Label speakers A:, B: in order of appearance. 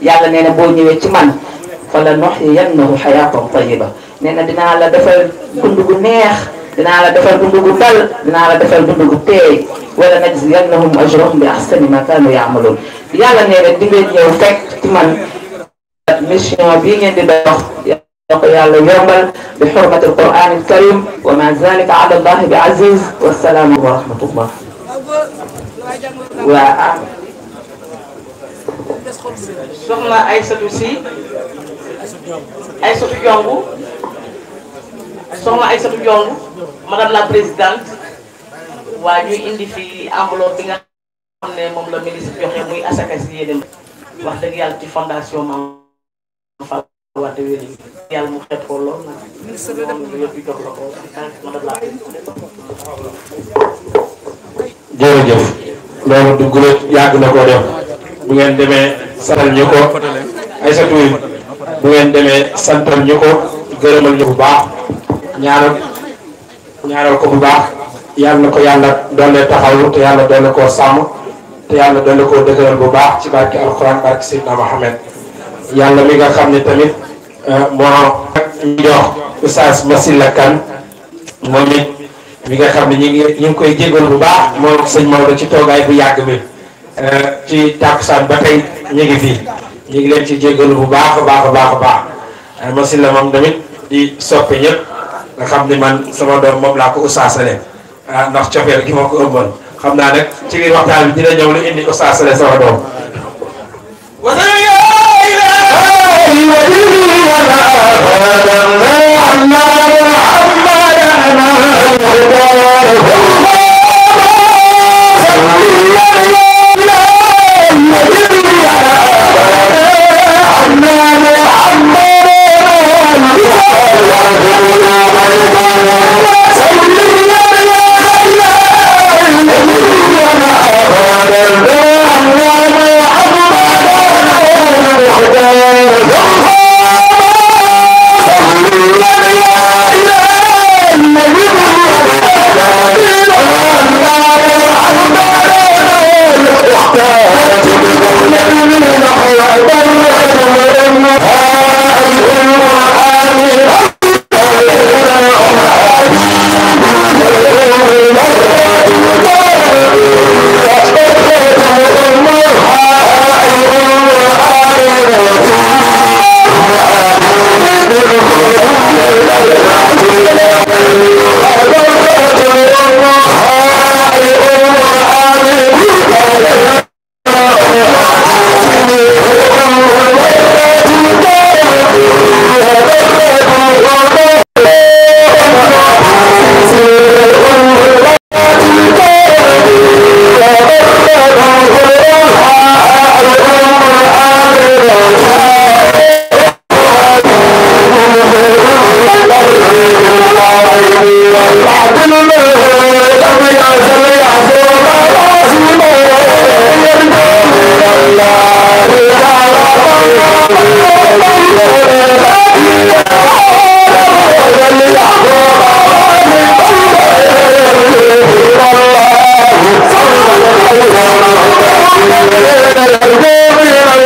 A: yàlla nee na boo ñëwee ci man fa la nuhyiyannahu hayatan tayyiba nee na dinaa la defal dund gu neex dinaa la defal dund gu dal dinaa la defal dund gu teey wala najziyannahum ajrahum bi ahsani ma kaanu yaamaloon yàlla nee na di ngeen ñëw fekk ci man mission bii ngeen di dox ko yàlla yombal bi xurmati alquran alkarim wa ma zalika ala allahi bi aziz wasalaamu wa rahmatullah waa soxna Aysatu Si Aysatu Diongu soxna Aysatu Diongu madame la présidente waa ñuy indi fi enveloppe bi nga xam ne moom la ministre joxe muy asaka si yéene wax dëgg yàlla ci fondation Mame Fall Wade Wéli yàlla mu xeet lool nag
B: moom yëpp jox la ko madame la présidente jërëjëf loolu du gulóot yàgg na ko def bu ngeen demee sanal ñu ko ay sa tuuy bu ngeen demee santal ñu ko gërëmal ñu bu baax ñaanal ñaanal ko bu baax yàlla na ko yàlla doole taxawu te yàlla doole koo sàmm te yàlla doole koo dëgëral bu baax ci barke alxuraan barke Seydina Mohamed yàlla mi nga xam ne tamit euh, moo jox Oustaz Masila Kane moom it mi nga xam ne ñu ngi ñu koy jégal bu baax moom sëñ Maodo ci toogaay bu yàgg bi euh, ci tàkkusaan ba tey ñu ngi fii ñu ngi leen ci jéggalu bu baax a baax a baax a baax masin la moom tamit di soppe ñëpp nga xam ni man sama doom moom laa ko usaasale euh, ndax cofeel gi moo ko ëmbal xam naa nag ci biir waxtaan bi dina ñoom lu indi usaasale sama doom
A: کو نو نو تامي جا سالي